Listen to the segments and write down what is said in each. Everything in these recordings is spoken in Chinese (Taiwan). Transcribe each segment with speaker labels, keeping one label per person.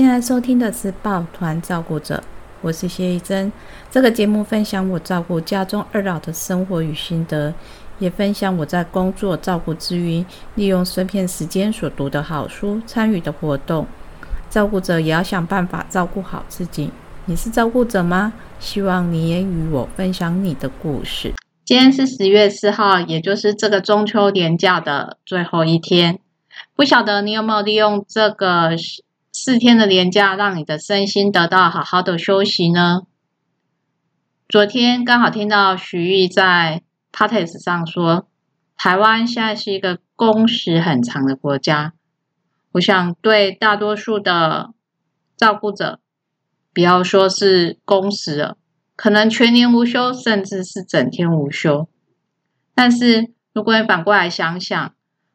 Speaker 1: 現在收聽的是《抱團照顧者》，我是謝一貞。這個節目分享我照顧家中二老的生活與心得，也分享我在工作照顧之餘，利用碎片時間所讀的好書、參與的活動。照顧者也要想辦法照顧好自己。你是照顧者嗎？希望你也與我分享你的故事。今天是十月四號，也就是這個中秋連假的最後一天。不曉得你有沒有利用這個四天的連假，讓你的身心得到好好的休息呢？昨天剛好聽到徐玉在 Podcast 上說，台灣現在是一個工時很長的國家。我想對大多數的照顧者，不要說是工時了，可能全年無休，甚至是整天無休。但是如果你反過來想想，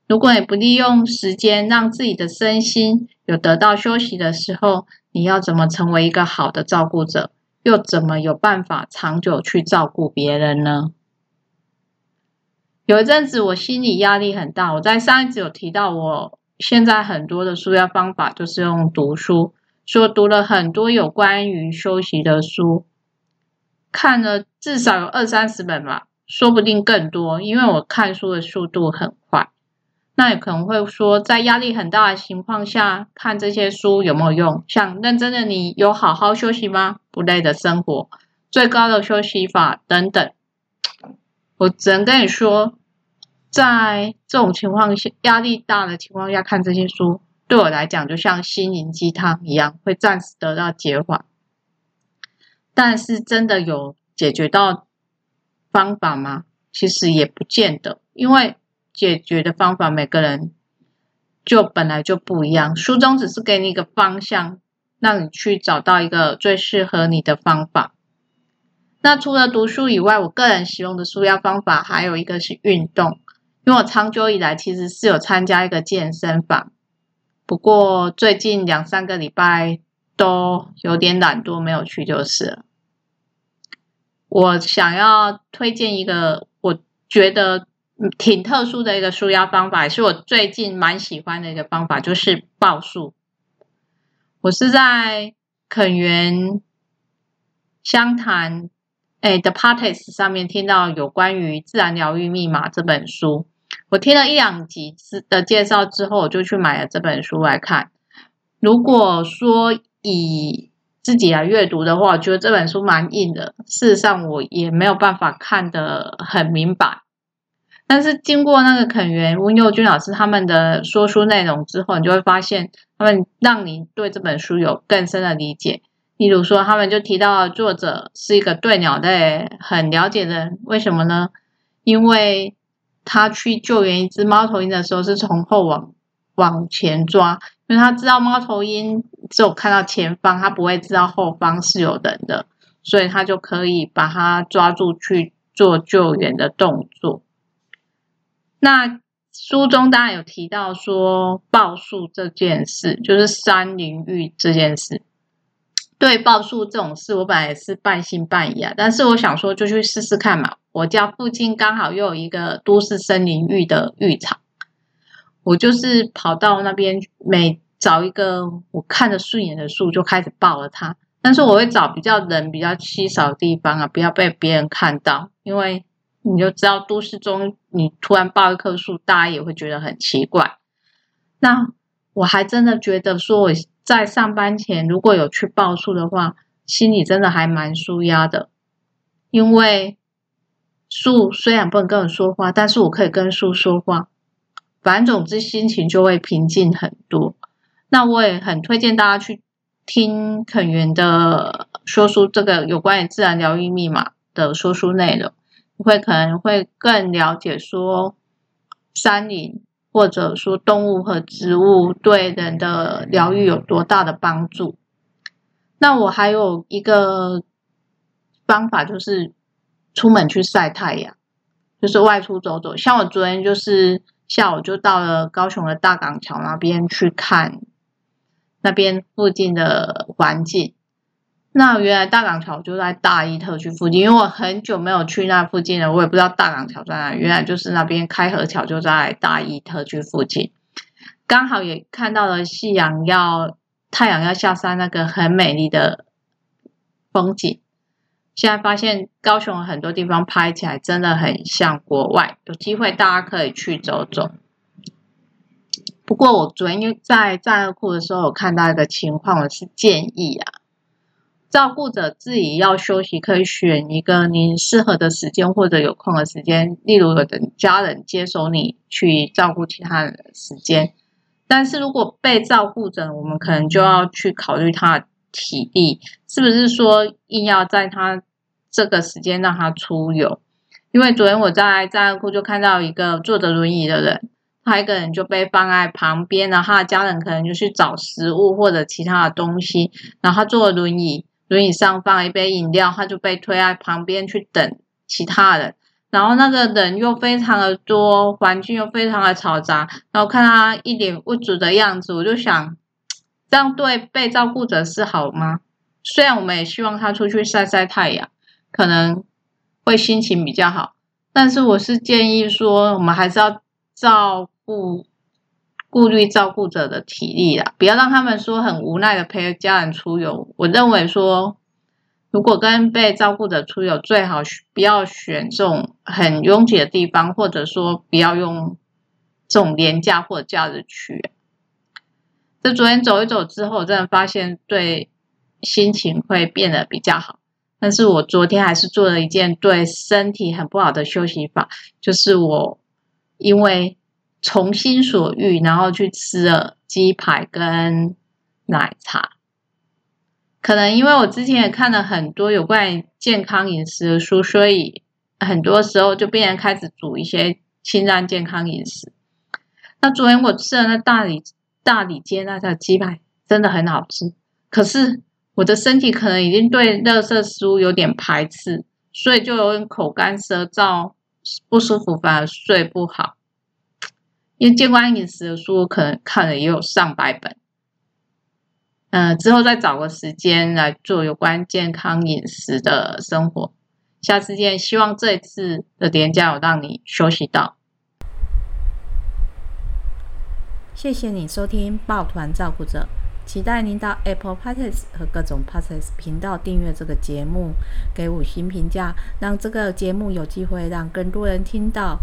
Speaker 1: 如果你不利用時間，讓自己的身心，有得到休息的時候，你要怎麼成為一個好的照顧者？又怎麼有辦法長久去照顧別人呢？有一陣子，我心理壓力很大。我在上一集有提到，我現在很多的紓壓方法就是用讀書，說讀了很多有關於休息的書，看了至少有二三十本吧，說不定更多，因為我看書的速度很。那也可能會說，在壓力很大的情況下看這些書有沒有用？像認真的你，有好好休息嗎？不累的生活，最高的休息法等等。我只能跟你說，在這種情況下，壓力大的情況下看這些書，對我來講就像心靈雞湯一樣，會暫時得到解緩。但是，真的有解決到方法嗎？其實也不見得，因為。解決的方法每個人就本來就不一樣。書中只是給你一個方向，讓你去找到一個最適合你的方法。那除了讀書以外，我個人使用的紓壓方法還有一個是運動。因為我長久以來其實是有參加一個健身房，不過最近兩三個禮拜都有點懶惰，沒有去就是了。我想要推薦一個，我覺得。挺特殊的一個舒壓方法，也是我最近蠻喜歡的一個方法，就是抱樹。我是在肯園湘潭哎的 podcast 上面聽到有關於《自然療癒密碼》這本書，我聽了一兩集的介紹之後，我就去買了這本書來看。如果說以自己來閱讀的話，我覺得這本書蠻硬的。事實上，我也沒有辦法看得很明白。但是經過那個肯園溫佑君老師他們的說書內容之後，你就會發現他們讓你對這本書有更深的理解。例如說，他們就提到作者是一個對鳥類很了解的人，為什麼呢？因為他去救援一隻貓頭鷹的時候，是從後往往前抓，因為他知道貓頭鷹只有看到前方，他不會知道後方是有人的，所以他就可以把它抓住去做救援的動作。那書中當然有提到說抱樹這件事，就是山林浴這件事。對抱樹這種事，我本來也是半信半疑啊，但是我想說就去試試看嘛。我家附近剛好又有一個都市森林浴的浴場，我就是跑到那邊，每找一個我看着順眼的樹就開始抱了它。但是我會找比較人比較稀少的地方啊，不要被別人看到，因為你就知道，都市中你突然抱一棵樹，大家也會覺得很奇怪。那我還真的覺得說，我在上班前如果有去抱樹的話，心裡真的還蠻舒壓的。因為樹雖然不能跟我說話，但是我可以跟樹說話，反正總之心情就會平靜很多。那我也很推薦大家去聽肯源的說書，這個有關於自然療癒密碼的說書內容。我會可能會更了解說，山林或者說動物和植物對人的療癒有多大的幫助。那我還有一個方法就是出門去曬太陽，就是外出走走。像我昨天就是下午就到了高雄的大港橋那邊去看那邊附近的環境。那原來大港橋就在大義特區附近，因為我很久沒有去那附近了，我也不知道大港橋在哪。原來就是那邊開河橋就在大義特區附近，剛好也看到了夕陽要太陽要下山那個很美麗的風景。現在發現高雄很多地方拍起來真的很像國外，有機會大家可以去走走。不過我昨天又在戰二庫的時候，我看到一個情況，我是建議啊。照顧者自己要休息，可以選一個你適合的時間或者有空的時間，例如等家人接手你去照顧其他人的時間。但是如果被照顧者，我們可能就要去考慮他的體力，是不是說硬要在他這個時間讓他出遊？因為昨天我在在愛庫就看到一個坐着輪椅的人，他一個人就被放在旁邊，然後他的家人可能就去找食物或者其他的東西，然後他坐了輪椅。輪椅上放了一杯飲料，他就被推在旁邊去等其他人。然後那個人又非常的多，環境又非常的嘈雜。然後看他一臉無助的樣子，我就想，這樣對被照顧者是好嗎？雖然我們也希望他出去曬曬太陽，可能會心情比較好，但是我是建議說，我們還是要照顧。顧慮照顧者的體力啦，不要讓他們說很無奈的陪家人出遊。我認為說，如果跟被照顧者出遊，最好不要選這種很擁擠的地方，或者說不要用這種廉價或假日區。這昨天走一走之後，我真的發現對心情會變得比較好。但是我昨天還是做了一件對身體很不好的休息法，就是我因為。從心所欲，然後去吃了雞排跟奶茶。可能因為我之前也看了很多有關於健康飲食的書，所以很多時候就變成開始煮一些清淡健康飲食。那昨天我吃了那大理大理街那家雞排真的很好吃，可是我的身體可能已經對垃圾食物有點排斥，所以就有點口乾舌燥，不舒服，反而睡不好。因為健康飲食的書可能看了也有上百本，嗯、呃，之後再找個時間來做有關健康飲食的生活。下次見，希望這次的點講有讓你休息到。謝謝你收聽《抱團照顧者》，期待您到 Apple Podcast 和各種 Podcast 頻道訂閱這個節目，給五星評價，讓這個節目有機會讓更多人聽到。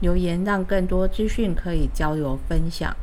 Speaker 1: 留言，讓更多資訊可以交流分享。